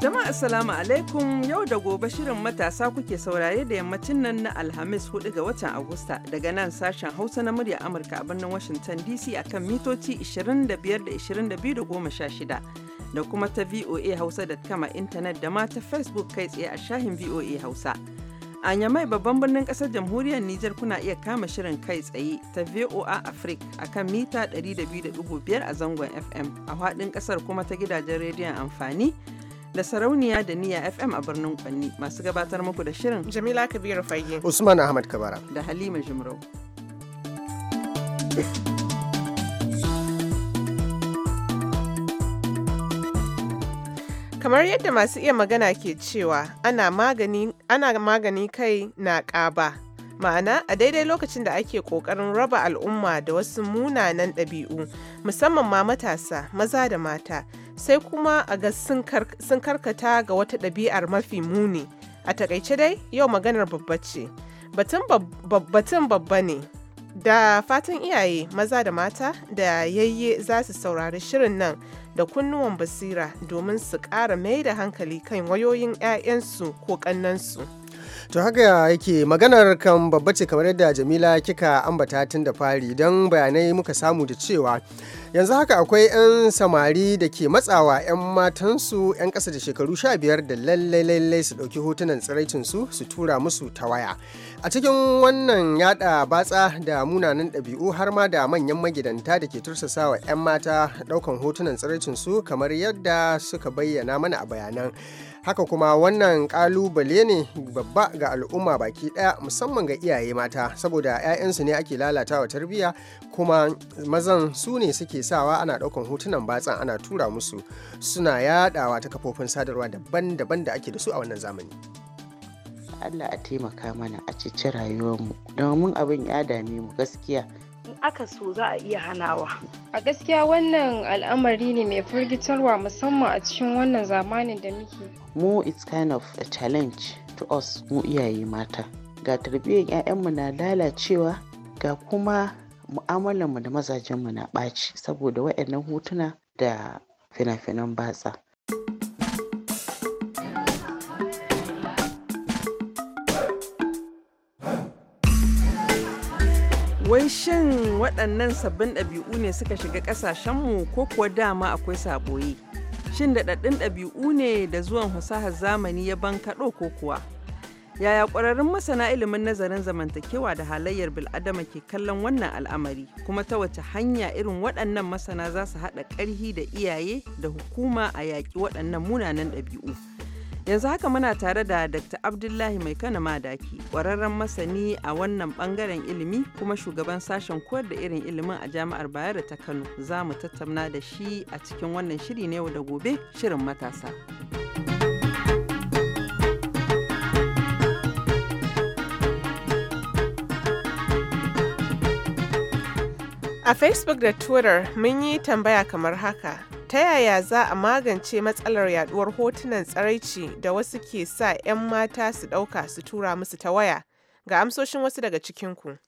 Jama'a assalamu alaikum yau da gobe shirin matasa kuke saurare da yammacin nan na Alhamis 4 ga watan Agusta daga nan sashen Hausa na murya Amurka a birnin Washington DC akan mitoci 25 da 22 da da kuma ta VOA Hausa da kama intanet da ma ta Facebook kai tsaye a shahin VOA Hausa. A Nyamai babban birnin kasar jamhuriyar Nijar kuna iya kama shirin kai tsaye ta VOA Africa akan mita 200.5 a zangon FM a faɗin kasar kuma ta gidajen rediyon amfani da sarauniya da niya FM a birnin Kwanni masu gabatar muku da shirin Jamila Kabiru Fage Usman Ahmad Kabara da Halima jimro. Kamar yadda masu iya magana ke cewa ana magani, ana magani kai na ƙaba. Ma'ana a daidai lokacin da ake ƙoƙarin raba al'umma da wasu munanan ɗabi'u musamman ma matasa maza da mata sai kuma a ga sun karkata ga wata ɗabi'ar mafi muni a takaice dai yau maganar babba ce batun babba ne da fatan iyaye maza da mata da yayye za su saurari shirin nan da kunnuwan basira domin su ƙara mai da hankali kan wayoyin 'ya'yansu ko ƙannansu. To haka yake maganar kan babba ce kamar yadda Jamila kika ambata tun da fari don bayanai muka samu da cewa yanzu haka akwai 'yan samari da ke matsawa 'yan matansu 'yan ƙasa da shekaru sha biyar da lallai lallai su ɗauki hotunan tsiraicinsu su tura musu ta waya a cikin wannan yada batsa da munanan ɗabi'u har ma da manyan magidanta da ke tursasawa 'yan mata ɗaukan hotunan tsiraicinsu kamar yadda suka bayyana mana a bayanan haka kuma wannan kalubale ne babba ga al'umma baki daya musamman ga iyaye mata saboda 'ya'yansu ne ake lalatawa tarbiyya kuma mazan su ne suke sawa ana daukan hotunan batsan ana tura musu suna yadawa ta kafofin sadarwa daban-daban da ake da su a wannan zamani Allah a taimaka mana a cici rayuwarmu domin abin ya dame mu gaskiya aka so za a iya hanawa. A gaskiya wannan al'amari ne mai firgitarwa musamman a cikin wannan zamanin da muke. Mu it's kind of a challenge to us mu iyaye mata. Ga tarbiyyar 'ya'yanmu na lalacewa ga kuma mu'amalarmu da mazajenmu na ɓaci saboda waɗannan hotuna da fina-finan batsa. Wai shin waɗannan sabbin ɗabi'u ne suka shiga ƙasashenmu ko kuwa dama akwai saboyi? Shin daɗaɗɗun ɗabi'u ne da zuwan fasahar zamani ya bankaɗo ko kuwa? Yaya ƙwararrun masana ilimin nazarin zamantakewa da halayyar bil'adama ke kallon wannan al'amari kuma ta wace hanya irin waɗannan masana za su haɗa ƙarhi da iyaye da hukuma a yaƙi waɗannan munanan ɗabi'u? Yanzu haka muna tare da Dr. Abdullahi Mai Kana Madaki, ƙwararren masani a wannan ɓangaren ilimi kuma shugaban sashen koyar da irin ilimin a Jami'ar Bayero ta Kano. Za mu tattauna da shi a cikin wannan shiri na yau da gobe, shirin matasa. A Facebook da Twitter mun yi tambaya kamar haka. ta yaya za a magance matsalar yaduwar hotunan tsaraici da wasu ke sa 'yan mata su ɗauka su tura musu ta waya ga amsoshin wasu daga cikinku.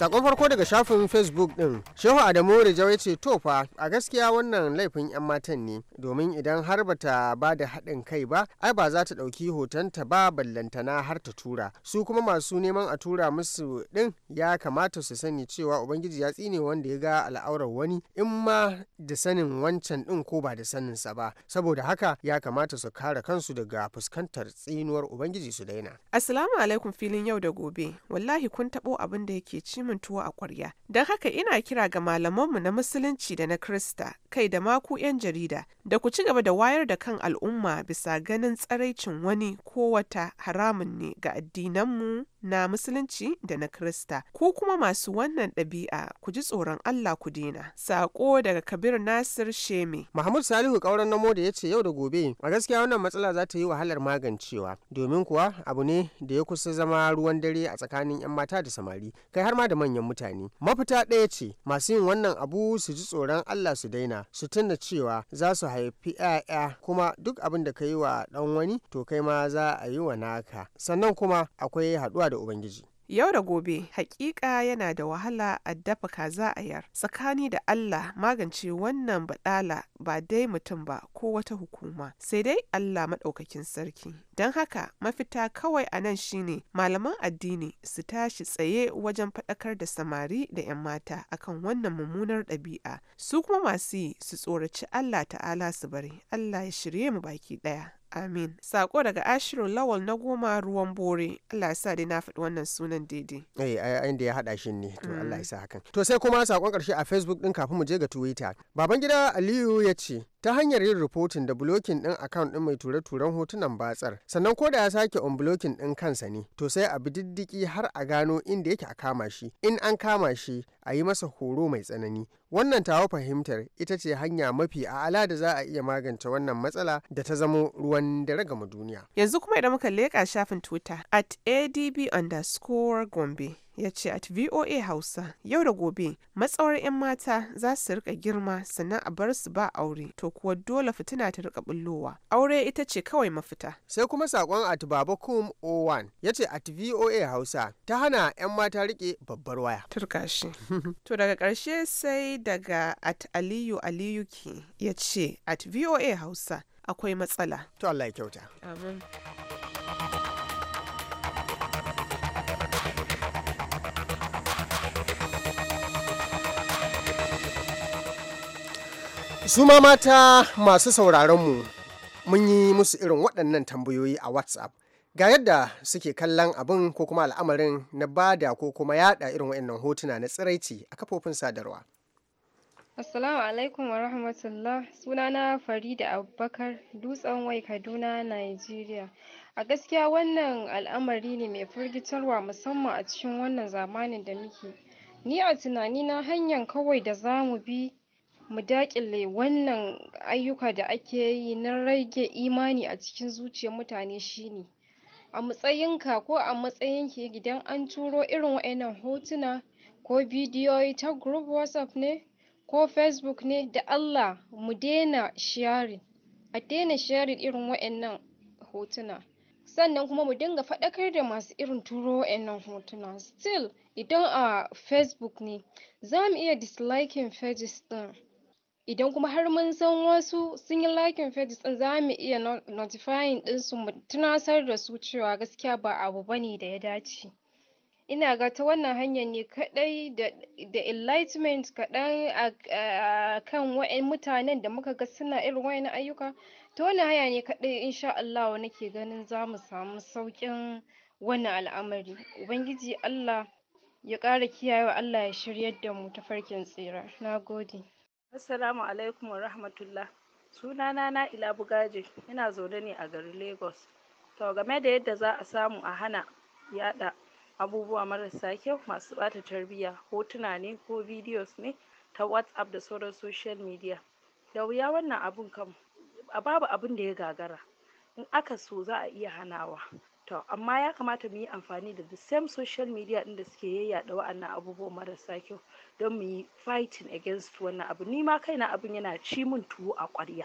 sakon farko daga shafin facebook din shehu adamu rijau ce tofa a gaskiya wannan laifin yan matan ne domin idan har bata ba da haɗin kai ba ai ba za ta ɗauki hotonta ba ballantana har ta tura su kuma masu neman a tura musu din ya kamata su sani cewa ubangiji ya tsine wanda ya ga al'aurar wani in ma da sanin wancan din ko ba da sanin sa ba saboda haka ya kamata su kare kansu daga fuskantar tsinuwar ubangiji su daina assalamu alaikum filin yau da gobe wallahi kun taɓo abin da yake ci min tuwo a kwarya Don haka ina kira ga malamanmu na Musulunci da na Krista, kai da maku 'yan jarida, da ku ci gaba da wayar da kan al'umma bisa ganin tsaraicin wani ko wata haramun ne ga addinanmu na musulunci da na krista ku kuma masu wannan ɗabi'a ku ji tsoron allah ku dina sako daga kabir nasir sheme muhammad salihu kauran namo da ya ce yau da gobe a gaskiya wannan matsala za ta yi wahalar magancewa domin kuwa abu ne da ya kusa zama ruwan dare a tsakanin yan mata da samari kai har ma da manyan mutane mafita ɗaya ce masu yin wannan abu su ji tsoron allah su daina su tuna cewa za su haifi 'ya'ya kuma duk abin da ka yi wa ɗan wani to kai ma za a yi wa naka sannan kuma akwai haɗuwa da Ubangiji. Yau da gobe, hakika yana da wahala a dafa kaza a yar. Tsakani da Allah magance wannan baɗala ba dai mutum ba ko wata hukuma, sai dai Allah maɗaukakin sarki. Don haka mafita kawai a nan shine malaman addini su tashi tsaye wajen faɗakar da samari da 'yan mata akan wannan mummunar ɗabi'a. Su kuma masu yi su tsoraci Allah ta'ala su bari. Allah ya shirye mu baki ɗaya. Amin. Sako daga Ashiru Lawal na goma ruwan bore. Allah ya sa dai na faɗi wannan sunan daidai. Eh, ai da ya haɗa shi ne. To Allah mm. ya sa hakan. To sai kuma sakon ƙarshe a Facebook ɗin kafin mu je ga Twitter. Babangida Aliyu ya ce, ta hanyar yin rufotin da bulokin din account din mai ture-turen hotunan batsar sannan ko da ya sake on bulokin din kansa ne to sai a bi diddiki har a gano inda yake a kama shi in an kama shi a yi masa horo mai tsanani wannan tawo fahimtar ita ce hanya mafi a'ala da za a iya magance wannan matsala da ta zamo ruwan dare gama duniya yanzu kuma idan muka leƙa shafin twitter at adb underscore gombe ya ce at voa hausa yau da gobe matsawar 'yan mata za su rika girma sannan a bar su ba aure to kuwa dole fitina ta rika bullowa aure ita ce kawai mafita sai kuma sakon at babakum o1 ya ce at voa hausa ta hana 'yan mata rike babbar waya turkashi to daga karshe sai daga at aliyu aliyuki ya ce at voa hausa akwai matsala to Allah ya kyauta amin Su ma mata masu sauraronmu mun yi musu irin waɗannan tambayoyi a WhatsApp. Ga yadda suke kallon abin ko kuma al'amarin na bada ko kuma yada irin waɗannan hotuna na tsiraici a kafofin sadarwa. Assalamu alaikum wa rahmatullah. Sunana Farida Abubakar, Dutsen Wai Kaduna, Nigeria. A gaskiya wannan al'amari ne mai firgitarwa musamman a cikin wannan zamanin da muke. Ni a tunanina hanyar kawai da za mu bi mu daƙile wannan ayyuka da ake yi na rage imani a cikin zuciyar mutane shine a matsayinka ko a matsayin ki idan an turo irin waɗannan hotuna ko bidiyoyi ta group whatsapp ne ko facebook ne da Allah mu daina sharing a daina sharing irin waɗannan hotuna sannan kuma mu dinga faɗakar da masu irin turo waɗannan hotuna still idan a facebook ne za mu iya disliking pages ɗin idan kuma har mun san wasu sun yi likin pages din za mu iya notifying ɗinsu mu tunasar da su cewa gaskiya ba abu bane da ya dace ina ga ta wannan hanyar ne kadai da enlightenment kaɗan a kan wa'in mutanen da muka ga suna irin wa'in ayyuka ta wannan haya ne kadai insha Allah nake ganin za mu samu saukin wannan al'amari ubangiji Allah ya kiyaye kiyayewa Allah ya shiryar da mu ta farkin tsira na gode Assalamu alaikum wa rahmatullah. Sunana na Ila Bugaje, ina zaune ne a garin Lagos. To game da yadda za a samu a hana yada abubuwa marasa kyau masu bata tarbiyya, hotuna ne ko videos ne ta WhatsApp da sauran social media. Da wuya wannan abun kam babu abin da ya gagara. In aka so za a iya hanawa. to amma ya kamata mu yi amfani da the same social media ɗin da suke yayyada wa'annan abubuwan marasa kyau don mu yi fighting against wannan abu ni ma kaina abin yana ci min tuwo a ƙwarya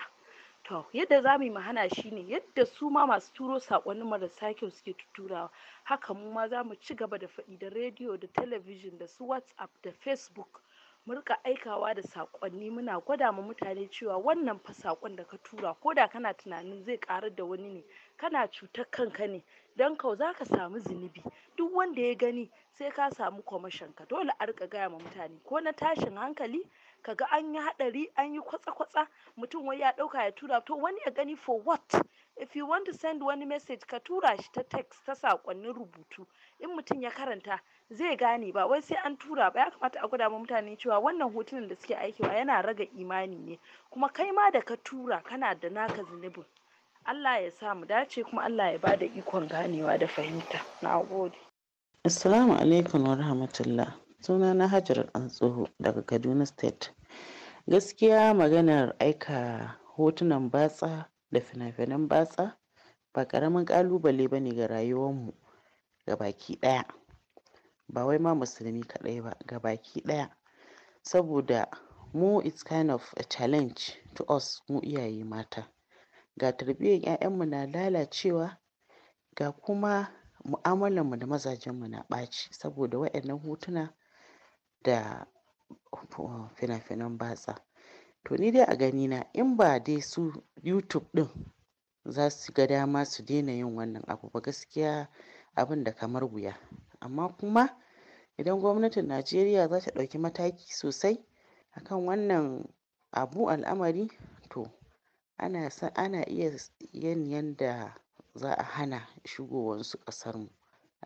to yadda za mu yi hana shi yadda su ma masu turo saƙonnin marasa kyau suke tuturawa haka mu ma za mu ci gaba da faɗi da rediyo da talabijin da su whatsapp da facebook mu rika aikawa da saƙonni muna gwada ma mutane cewa wannan fa saƙon da ka tura ko da kana tunanin zai ƙarar da wani ne kana cutar kanka ne don kau za ka samu zunubi duk wanda ya gani sai ka samu kwamashin ka dole a rika gaya ma mutane ko na tashin hankali kaga an yi haɗari an yi kwatsa-kwatsa mutum wai ya ɗauka ya tura to wani ya gani for what if you want to send wani message ka tura shi ta text ta saƙonnin rubutu in mutum ya karanta zai gane ba wai sai an tura ba ya kamata a gwada mutane cewa wannan hotunan da suke aikewa yana raga imani ne kuma kai ma da ka tura kana da naka zunubin Allah ya sa mu dace kuma Allah ya bada ikon ganewa da fahimta na gode assalamu alaikum wa rahmatullah suna na hajar tsoho daga kaduna state gaskiya maganar aika hotunan batsa da fina-finan batsa ba karamin ƙalubale ba ne ga rayuwar mu ga baki ɗaya ba wai ma musulmi kaɗai ba ga baki ɗaya saboda mu it's kind of a challenge to us mu iyaye mata ga tarbiyyar 'ya'yanmu na lalacewa ga kuma mu'amalarmu da mazajenmu na ɓaci saboda waɗannan hotuna da fina-finan batsa to ni dai a gani na in ba dai su youtube ɗin za su ga dama su daina yin wannan abu ba gaskiya abin da kamar wuya amma kuma idan gwamnatin Najeriya za ta ɗauki mataki sosai akan wannan abu al'amari to ana iya yin yadda za a hana shigowarsu ƙasarmu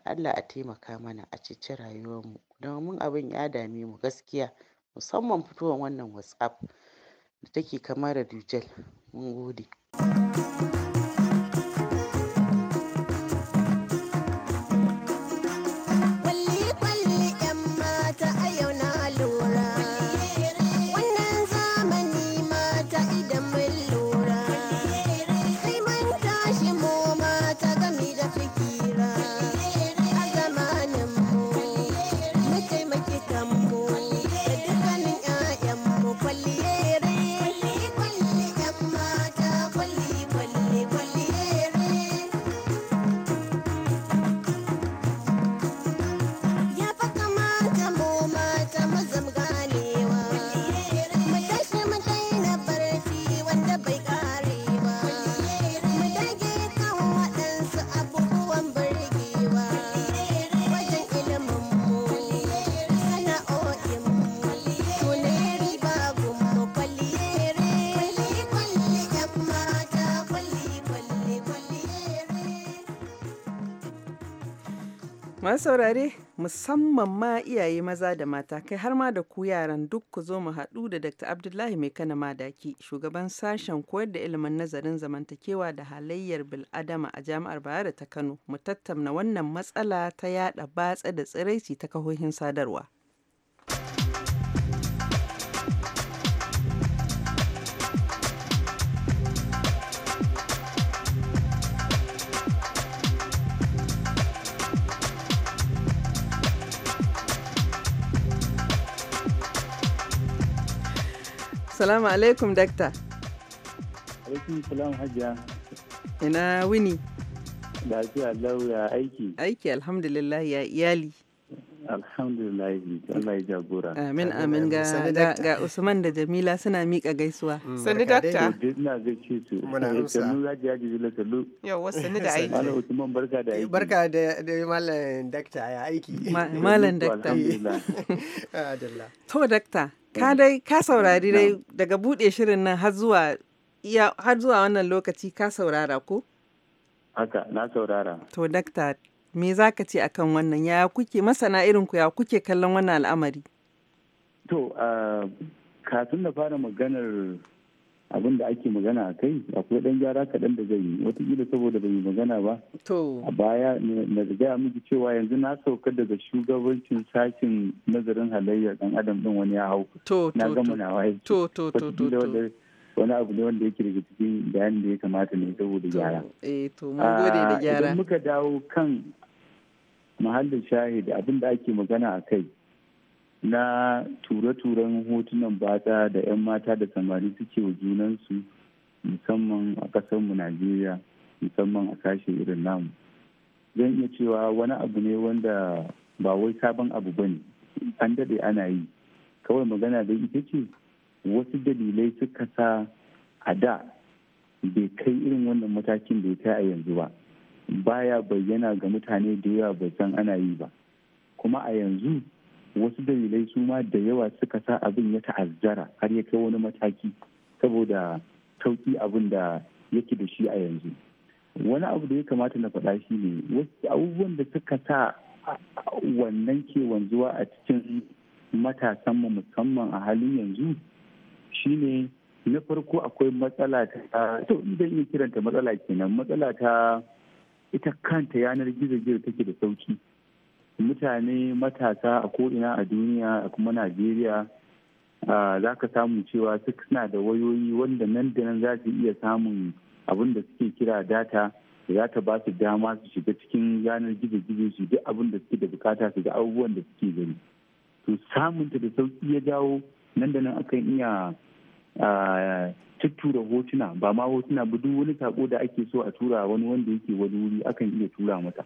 Allah a taimaka mana a ceci rayuwarmu domin abin ya dame mu gaskiya musamman fitowar wannan WhatsApp da take kama da dujal mun gode. masaurare saurare musamman ma iyaye maza da mata kai har ma da ku yaran duk ku zo mu haɗu da Dr. Abdullahi Mai Kana Madaki shugaban sashen koyar da ilimin nazarin zamantakewa da halayyar bil'adama a Jami'ar Bayero ta Kano mu tattauna wannan matsala ta yada batsa da tsiraici ta kahohin sadarwa. Salamu alaikum dakta. Alaikum salam hajiya. wuni. Lafiya lauya aiki. Aiki alhamdulillah ya iyali. Alhamdulillah, Allah Amin, amin ga Usman da Jamila suna miƙa gaisuwa. Mm. Sani dakta. Ina su. Eh, da aiki. Malam barka da aiki. dakta ya aiki. Malam dakta. Alhamdulillah. To dakta, ka saurari mm, daga buɗe shirin nan har zuwa har wannan lokaci ka saurara ko? Haka, na saurara. To dakta Me za ka ce akan wannan? Ya kuke masana irin ku ya kuke kallon wannan al'amari? To, kafin na fara maganar abin da ake magana a kai akwai dan gyara kadan da zai yi watakila saboda bai yi magana ba a baya na gaya miki cewa yanzu na sauka daga shugabancin sakin nazarin halayyar dan adam din wani ya hau na gama na waye to to to to wani abu ne wanda yake daga cikin bayanin da ya kamata ne saboda gyara eh to mun gode da gyara idan muka dawo kan mahallin shahid abin da ake magana a kai na ture-turen hotunan bata da 'yan mata da samari suke wa junansu musamman a ƙasarmu najeriya musamman a kashe irin namu zan iya cewa wani abu ne wanda ba wai sabon abu ba ne an daɗe ana yi kawai magana da ita ce wasu dalilai suka sa a da bai kai irin wannan matakin da ya kai a yanzu ba baya bayyana ga mutane da yawa ba san ana yi ba kuma a yanzu wasu dalilai su ma da yawa suka sa abin ya ta'azzara har ya kai wani mataki saboda sauki abin da yake da shi a yanzu wani abu da ya kamata na faɗa shi ne wasu abubuwan da suka sa wannan ke wanzuwa a cikin matasanmu musamman a halin yanzu shine na farko akwai matsala ta to idan iya kiranta matsala kenan matsala ta ita kanta yanar gizo-gizo take da sauki mutane matasa a ko'ina a duniya a kuma najeriya za ka samu cewa suna da wayoyi wanda nan da nan za su iya samun abin da suke kira data da za ta ba su dama su shiga cikin yanar gizo-gizo su duk abin da suke da bukata su ga abubuwan da suke gani to samunta da sauki ya jawo nan da nan akan iya tuttura hotuna ba ma hotuna ba duk wani sako da ake so a tura wani wanda yake wani wuri akan iya tura mata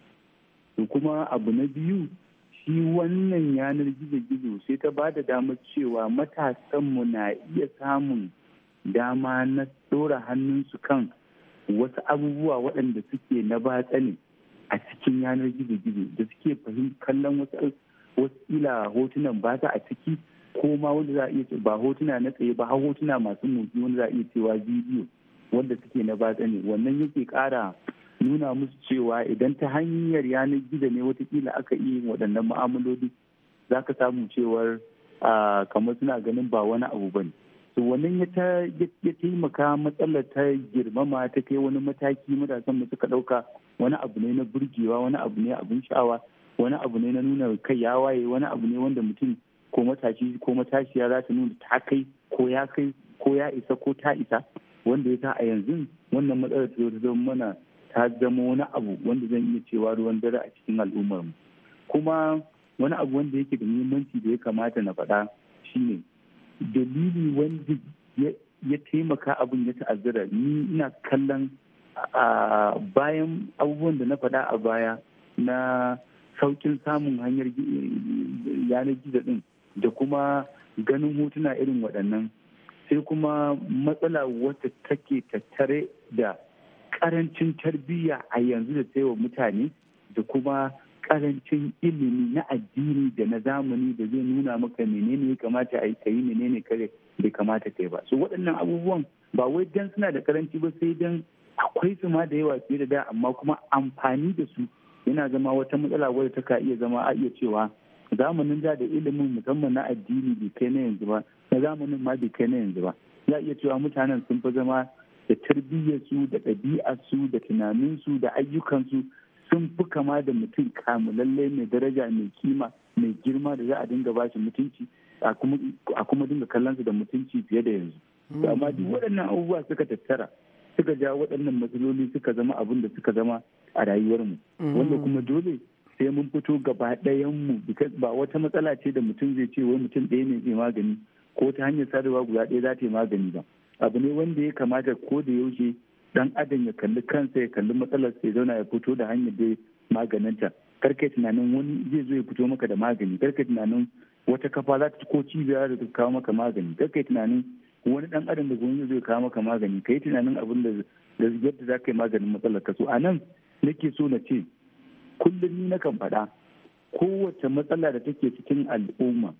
to kuma abu na biyu shi wannan yanar gizo-gizo sai ta ba da damar cewa matasanmu na iya samun dama na ɗora hannunsu kan wasu abubuwa waɗanda suke na batsa ne a cikin yanar gizo-gizo da suke kallon wasu ila hotunan ba ta a ciki ko ma wanda za a iya ba hotuna na tsaye ba har hotuna masu motsi wanda za a iya cewa bidiyo wanda suke na batsa ne wannan yake kara nuna musu cewa idan ta hanyar yanar gizo ne watakila aka iya yin waɗannan mu'amaloli za ka samu cewar kamar suna ganin ba wani abu ba ne to wannan ya taimaka matsalar ta girmama ta kai wani mataki matasan mu suka ɗauka wani abu ne na burgewa wani abu ne abin sha'awa wani abu ne na nuna kai ya waye wani abu ne wanda mutum ko matashi ko matashiya za ta nuna ta kai ko ya kai ko ya isa ko ta isa wanda ya sa a yanzu wannan matsalar ta ta zama mana ta zama wani abu wanda zan iya cewa ruwan dare a cikin al'ummar mu kuma wani abu wanda yake da muhimmanci da ya kamata na faɗa shine dalili wanda ya taimaka abin ya ta'azzara ni ina kallon a bayan abubuwan da na faɗa a baya na saukin samun hanyar yanar gizo din da kuma ganin hotuna irin waɗannan sai kuma matsala wata take tattare da karancin tarbiyya a yanzu da wa mutane da kuma karancin ilimi na addini da na zamani da zai nuna maka menene ya kamata a yi ka yi menene kare bai kamata ka yi ba su waɗannan abubuwan ba wai dan suna da karanci ba sai dan akwai su ma da yawa fiye da da amma kuma amfani da su yana zama wata matsala wadda ta ka iya zama a iya cewa zamanin da da ilimin musamman na addini bai kai na yanzu ba na zamanin ma bai kai na yanzu ba za iya cewa mutanen sun fi zama da tarbiyyarsu da ɗabi'arsu da tunaninsu da ayyukansu sun fi kama da mutum kamulalle mai daraja mai kima mai girma da za a dinga ba shi mutunci a kuma dinga kallonsu da mutunci fiye da yanzu amma duk waɗannan abubuwa suka tattara suka ja waɗannan matsaloli suka zama abin da suka zama a rayuwarmu mm. wanda kuma dole sai mun fito gaba mu ba wata matsala ce da mutum zai ce wai mutum ɗaya ne zai magani ko ta hanyar sadarwa guda ɗaya za ta yi magani ba abu ne wanda ya kamata ko da yaushe dan adam ya kalli kansa ya kalli matsalar sai zauna ya fito da hanyar da maganinta karka tunanin wani zai zo ya fito maka da magani karka tunanin wata kafa za ta ko cibiya da ta kawo maka magani karka tunanin wani dan adam da gwamnati zai kawo maka magani kai tunanin abin da da yadda za ka yi maganin matsalar ka so a nan nake so na ce kullum ni na kan faɗa kowace matsala da take cikin al'umma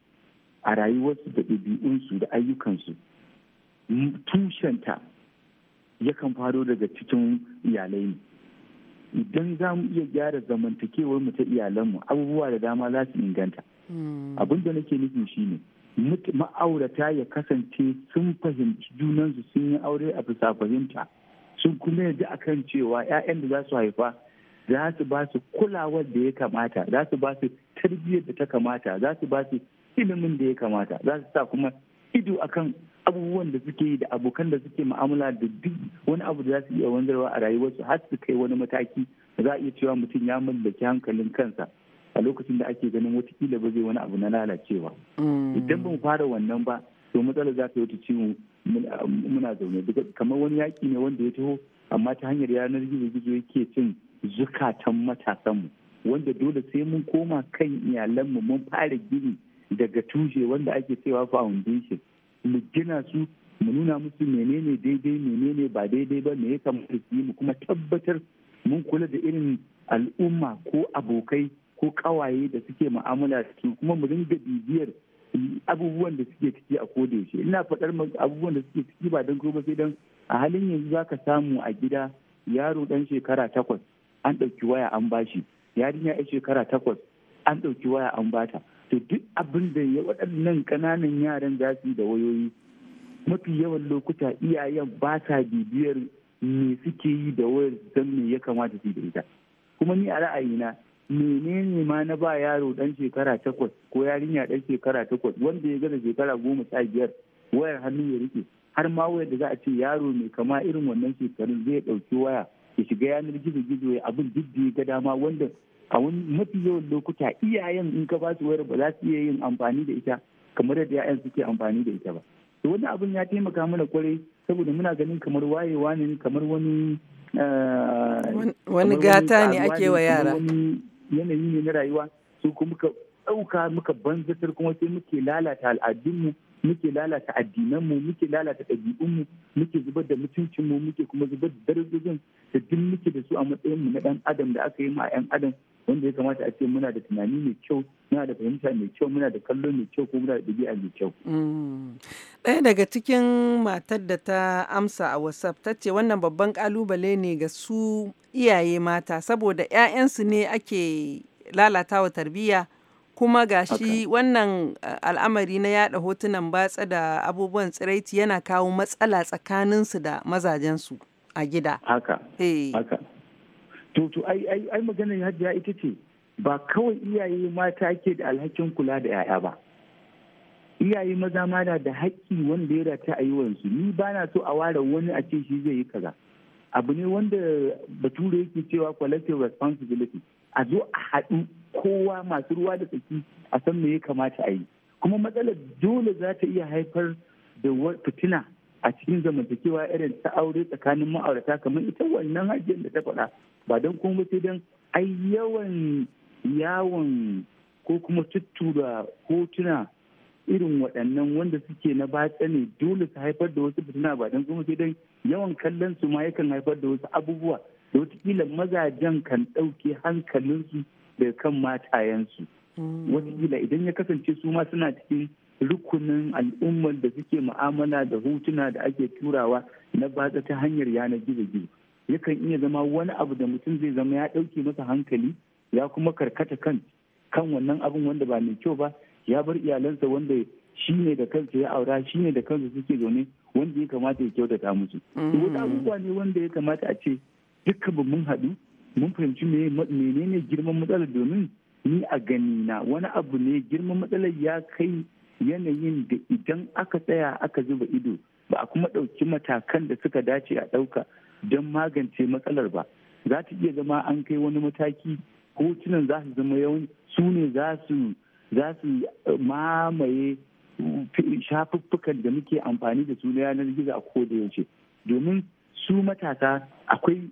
a rayuwarsu da ɗabi'unsu da ayyukansu tushenta yakan faro daga cikin iyalai ne idan za mu iya gyara zamantakewar mu ta iyalanmu abubuwa da dama za su inganta hmm. abin da nake nufi shine ma'aurata ya kasance sun fahimci junansu sun yi aure a bisa fahimta sun kuma yaji akan cewa 'ya'yan da za su haifa za su ba su kulawar da ya kamata za su ba su tarbiyyar da ta kamata za su ba su ilimin da ya kamata za su sa kuma ido akan abubuwan da suke yi da abokan da suke mu'amala da duk wani abu da za su iya wanzarwa a rayuwarsu har su kai wani mataki za a iya cewa mutum ya mallaki hankalin kansa a lokacin da ake ganin watakila ba zai wani abu na lalacewa mm. idan ban fara wannan ba to matsalar za ta yi ciwo muna zaune kamar wani yaƙi ne wanda ya taho amma ta hanyar yanar gizo gizo yake cin zukatan matasanmu wanda dole sai mun koma kan iyalanmu mun fara gini daga tushe wanda ake cewa foundation mu gina su mu nuna musu menene daidai menene ba daidai ba me ya kamata su yi mu kuma tabbatar mun kula da irin al'umma ko abokai ko kawaye da suke mu'amala da su kuma mu dinga bibiyar abubuwan da suke ciki a koda yaushe ina faɗar abubuwan da suke ciki ba don ba sai don a halin yanzu zaka samu a gida yaro dan shekara takwas an ɗauki waya an bashi yarinya ya shekara takwas an ɗauki waya an bata to duk abin da ya waɗannan ƙananan yaran za su yi da wayoyi mafi yawan lokuta iyayen ba sa bibiyar me suke yi da wayar don me ya kamata su da ita kuma ni a ra'ayina menene ma na ba yaro dan shekara takwas ko yarinya dan shekara takwas wanda ya gaza shekara goma sha biyar wayar hannu ya rike har ma wayar da za a ce yaro mai kama irin wannan shekarun zai ɗauki waya ya shiga yanar gizo gizo ya abin duk ga dama wanda a wani mafi yawan lokuta iyayen in ka ba su wayar ba za su iya yin amfani da ita kamar yadda 'ya'yan suke amfani da ita ba to wani abin ya taimaka mana kwarai saboda muna ganin kamar wayewa ne kamar wani eh, wani gata ne ake wa yara wani yanayi ne na rayuwa su kuma muka ɗauka muka banzatar kuma sai muke lalata al'adunmu muke lalata addinanmu muke lalata ɗabi'unmu muke zubar da mutuncinmu muke kuma zubar da darajojin da duk muke da su a matsayinmu na ɗan adam da aka yi ma 'yan adam wanda ya kamata a ce muna da tunani mai kyau muna da fahimta mai kyau muna da kallo mai kyau ko muna da ɗabi'a mai kyau. Mm. ɗaya daga cikin matar da ta amsa a whatsapp ta ce wannan babban ƙalubale ne ga su iyaye mata saboda 'ya'yansu ne ake lalatawa tarbiyya kuma ga gashi wannan al'amari na yada hotunan batsa da abubuwan tsiraiti yana kawo matsala tsakaninsu da mazajensu a gida haka eh. haka to ai ai ai maganar hajiya ita ce ba kawai iyaye mata ke da alhakin kula da 'ya'ya ba iyaye maza ma na da haƙƙi wanda ya rata a yi wansu ni ba na so a ware wani a ce shi zai yi kaza abu ne wanda bature yake cewa collective responsibility a zo a haɗu kowa masu ruwa da tsaki a san me ya kamata a yi kuma matsalar dole za ta iya haifar da fitina a cikin zamantakewa irin ta aure tsakanin ma'aurata kamar ita wannan hajjiyar da ta faɗa ba don kuma sai don ai yawan yawon ko kuma tuttura hotuna irin waɗannan wanda suke na batsa ne dole su haifar da wasu fitina ba don kuma sai don yawan kallon su ma yakan haifar da wasu abubuwa da watakila mazajen kan ɗauke hankalinsu daga kan matayensu hmm. watakila idan ya kasance su ma suna cikin rukunin al'ummar da suke ma'amala da hotuna da ake turawa na batsa ta hanyar yanar gizo-gizo yakan iya zama wani abu da mutum zai zama ya ɗauke masa hankali ya kuma karkata kan kan wannan abin wanda ba mai kyau ba ya bar iyalansa wanda shi ne da kansa ya aura shi ne da kansa suke zaune wanda ya kamata ya kyautata musu. Hmm. Wata abubuwa ne wanda ya kamata a ce dukkan mun haɗu mun fahimci menene girman matsalar domin ni a gani na wani abu ne girman matsalar ya kai yanayin da idan aka tsaya aka zuba ido ba a kuma ɗauki matakan da suka dace a ɗauka don magance matsalar ba za ta iya zama an kai wani mataki hotunan za su zama yawan su ne za su eh, mamaye eh, shafuffukan da muke amfani da su na yanar gizo a koda yaushe domin su matasa akwai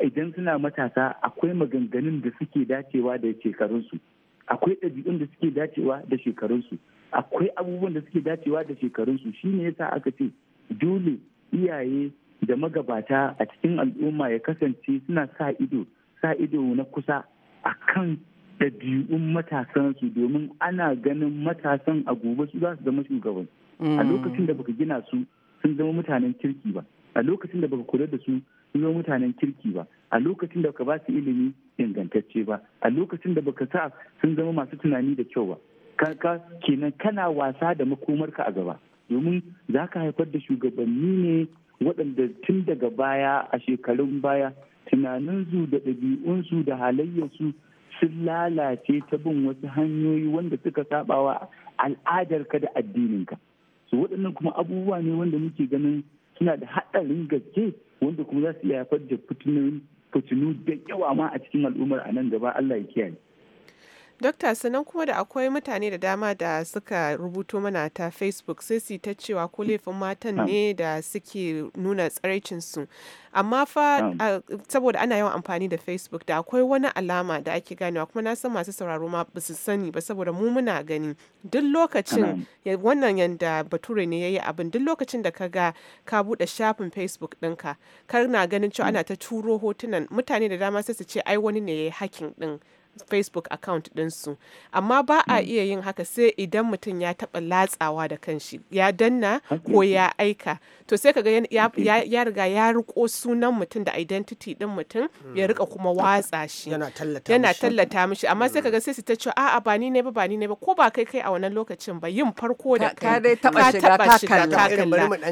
idan suna matasa akwai maganganun da suke dacewa da shekarunsu akwai ɗabi'un da suke dacewa da shekarunsu akwai abubuwan da suke dacewa da shekarunsu shi ne yasa aka ce dole iyaye da magabata a cikin al'umma ya kasance suna sa ido sa ido na kusa a kan ɗabi'un matasansu domin ana ganin matasan a gobe su za su zama shugaban a mm. lokacin da baka gina su sun zama mutanen kirki ba a lokacin da baka kula da su su zo mutanen kirki ba a lokacin da ka ba su ilimi ingantacce ba a lokacin da baka sa sun zama masu tunani da kyau ba ka kenan kana wasa da makomarka a gaba domin za ka haifar da shugabanni ne waɗanda tun daga baya a shekarun baya tunaninsu da ɗabi'unsu da halayyarsu sun lalace ta bin wasu hanyoyi wanda suka sabawa al'adarka da addininka su waɗannan kuma abubuwa ne wanda muke ganin suna da haɗarin gaske wanda kuma za su iya haifar da fitinu da yawa ma a cikin al'ummar a nan gaba Allah ya kiyaye Dokta sanan kuma da akwai mutane da dama da suka rubuto mana ta Facebook sai su ta cewa ko mm. laifin matan ne da suke nuna tsaraicinsu. Amma fa saboda ana yawan amfani da Facebook da akwai wani alama da ake ganewa kuma na san masu sauraro ma ba su sani ba saboda mu muna gani duk lokacin wannan yanda bature ne yayi abin duk lokacin da ka ga ka bude shafin Facebook ɗinka kar na ganin cewa mm. ana ta turo hotunan mutane da dama sai su ce ai wani ne yayi hacking din facebook account ɗinsu amma ba a mm. iya yin haka sai idan mutum ya taɓa latsawa da kanshi ya danna ko ya aika to sai kaga ya riga ya riko sunan mutum da identity ɗin mutum ya mm. rika kuma watsa shi yana tallata mishi amma sai kaga mm. sai su ta ce a'a ba ni ne ba ba ni ne ba ko ba kai kai a wannan lokacin ba yin farko da kai ka taɓa shiga ka kalla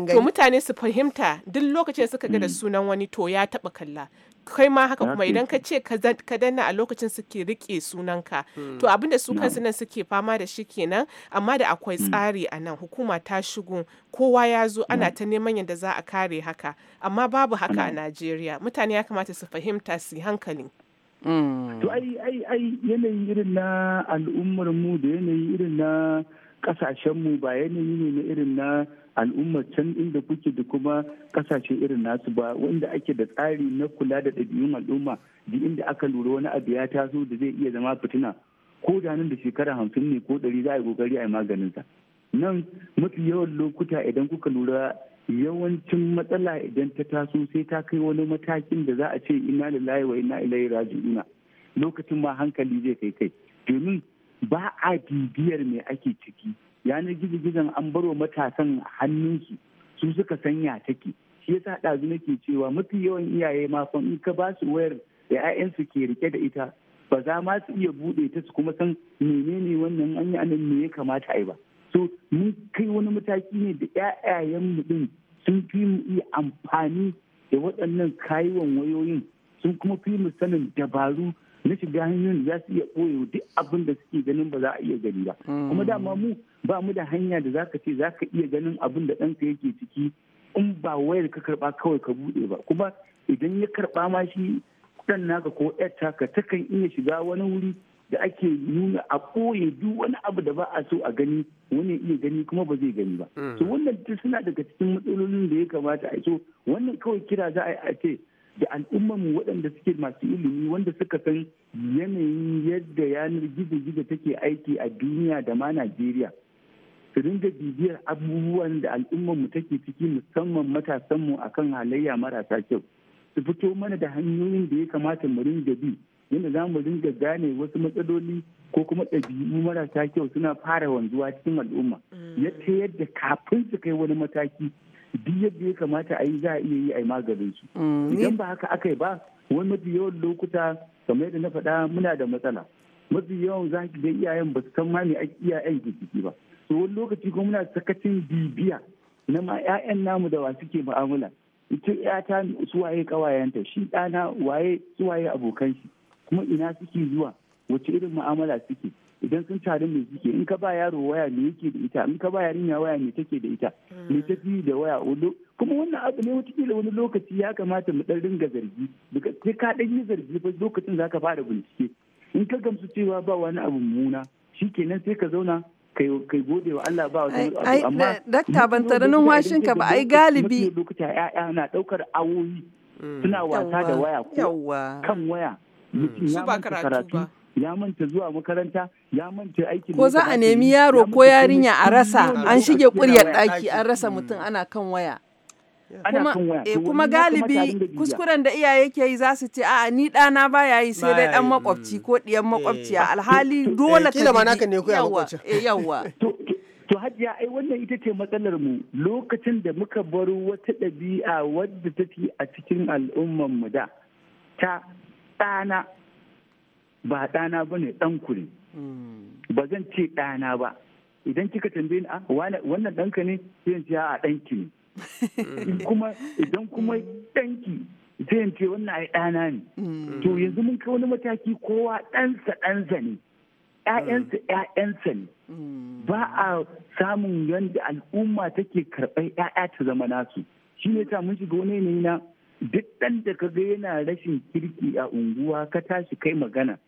to mutane su fahimta duk lokacin suka ga da sunan wani to ya taɓa kalla kai ma haka kuma idan ka ce ka danna a lokacin suke rike sunanka hmm. to abinda su kansu nan suke fama da shi kenan amma da akwai hmm. tsari a nan hukuma ta shigo kowa ya zo ana ta neman yadda za a kare haka amma babu haka a najeriya mutane ya kamata su fahimta su hankali hmm. to ai ai ai yanayin irin na al'ummar mu da yanayin irin na kasashenmu ba yanayi ne na irin na al'ummar can inda kuke da kuma kasashe irin nasu ba wanda ake da tsari na kula da ɗabi'un al'umma da inda aka lura wani abu ya taso da zai iya zama fitina ko da nan da shekara hamsin ne ko ɗari za a yi kokari a yi sa nan mafi yawan lokuta idan kuka lura yawancin matsala idan ta taso sai ta kai wani matakin da za a ce ina lillahi wa ina ilaihi raji'una lokacin ma hankali zai kai kai domin ba a bibiyar me ake ciki yanar gizo-gizon an baro matasan hannunsu su suka sanya take shi yasa ɗazu nake cewa mafi yawan iyaye ma in ka ba su wayar da 'ya'yansu ke rike da ita ba za ma su iya buɗe ta su kuma san menene wannan an yi anan me ya kamata a yi ba so mun kai wani mataki ne da 'ya'yayen mu din sun fi mu iya amfani da waɗannan kayuwan wayoyin sun kuma fi mu sanin dabaru na shiga hanyoyin za su iya ɓoye duk abin da suke ganin ba za a iya gani ba hmm. kuma dama mu ba mu da hanya da za ka ce za ka iya ganin abin da ɗanka yake ciki in ba wayar ka karɓa kawai ka buɗe ba kuma idan ya karɓa ma shi kuɗin naka ko ƴar taka takan iya shiga wani wuri da ake nuna a ɓoye duk wani abu da ba a so a gani wani iya gani kuma ba zai gani ba. Hmm. So wannan duk suna daga cikin matsalolin da ya kamata a so wannan kawai kira za a yi a ce da al'ummanmu waɗanda suke masu ilimi wanda suka san yanayin yadda yanar gizo-gizo take aiki a duniya da ma Najeriya. Su dinga bibiyar abubuwan da al'ummanmu take ciki musamman matasanmu a kan halayya marasa kyau. Su fito mana da hanyoyin da ya kamata mu ringa bi yadda za mu ringa gane wasu matsaloli ko kuma ɗabi'u marasa kyau suna fara wanzuwa cikin al'umma. Yadda mm. yadda kafin su kai wani mataki duk yadda ya kamata a yi za a iya yi a yi maganin su mm. idan ba haka aka yi ba wani mafi yawan lokuta kamar yadda na faɗa muna da matsala mafi yawan za ki ga iyayen ba su san ma me iyayen ke ciki ba to wani lokaci kuma muna sakacin bibiya na ma 'ya'yan namu da wa suke mu'amala ita 'yata waye kawayenta shi ɗana waye suwaye abokan shi kuma ina suke zuwa wace irin mu'amala suke idan sun taru me suke in ka ba yaro waya me yake da ita in ka ba yarinya waya me take da ita me fi da waya kuma wannan abu ne watakila wani lokaci ya kamata mu dan ringa zargi sai ka dan yi zargi ba lokacin zaka fara bincike in ka gamsu cewa ba wani abu muna shikenan sai ka zauna kai gode wa Allah ba wani abu amma eh, dakta ban taranin washin ka ba ai galibi lokacin ya'ya na daukar awoyi mm. suna wasa da waya ko kan waya mutum ya karatu ya manta zuwa makaranta ya manta aikin ko za a nemi yaro ko yarinya a rasa an shige kuryar daki an rasa mm. mutum ana kan waya kuma, eh, galibi kuskuren da iyaye ke yi za su ce a'a ni na baya yi sai dai ɗan makwabci ko mm. ɗiyan a eh. alhali eh, dole ka ne yawa to hajiya ai wannan ita ce matsalar mu lokacin da muka bar wata dabi'a wadda take a cikin al'ummar mu da ta ɗana ba ɗana ba ne ɗan hmm. kuri ba zan ce ɗana ba idan kika tambaye ah, wannan ɗanka ne zai ce a ɗanki ne hmm. kuma idan kuma ɗanki zai ce wannan ai ɗana ne hmm. to yanzu mun kai wani mataki kowa ɗansa ɗansa ne ‘ya'yansa ‘ya'yansa ne ba a samun yadda al'umma take karɓar ‘ya'ya ta zama nasu shi ne ta mun shiga wani yanayi na duk ɗan da ka ga yana rashin kirki a unguwa ka tashi kai magana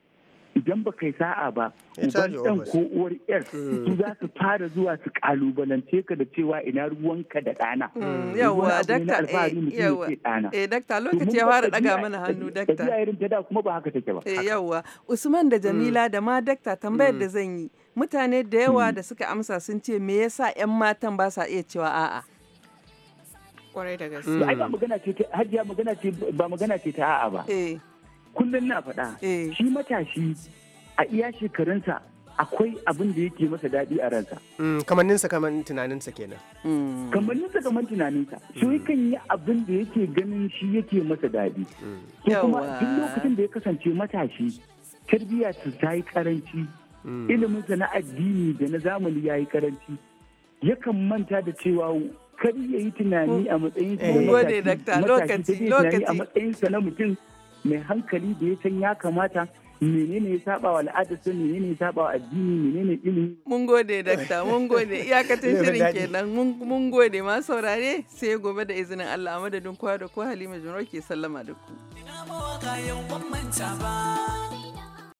idan ba kai sa'a ba uban ɗan ko uwar yar hmm. su za su fara zuwa su kalubalance ka da cewa ina ruwanka da dana hmm. yawa dakta eh, yawa eh dakta lokaci ya fara daga mana hannu dakta tafiya irin da kuma ba haka take ba eh, yawa usman da hmm. jamila da ma dakta tambayar da zan yi mutane da yawa da suka amsa sun ce me yasa 'yan matan ba sa iya cewa a'a kwarai da gaske ai ba magana ce ta hajiya magana ce ba magana ce ta a'a ba eh. kullum na faɗa eh. shi matashi a iya shekarunsa akwai abin da yake masa daɗi a ransa. Mm, kamanninsa kaman tunaninsa kenan. Mm. kamanninsa kaman tunaninsa so mm. yakan yi abin da yake ganin shi yake masa daɗi. so kuma duk lokacin da ya kasance matashi tarbiyya ta yi karanci iliminsa na addini da na zamani ya yi karanci yakan manta da cewa kar ya yi tunani a na matashi a matsayin sa na mutum mai hankali da ya san ya kamata menene ya saba wa al'ada sai menene ya saba wa addini menene ilimi mun gode dakta mun gode iyakacin shirin kenan mun gode ma saurare sai gobe da izinin Allah a madadin kowa da kowa Halima Jumro ke sallama da ku ina manta ba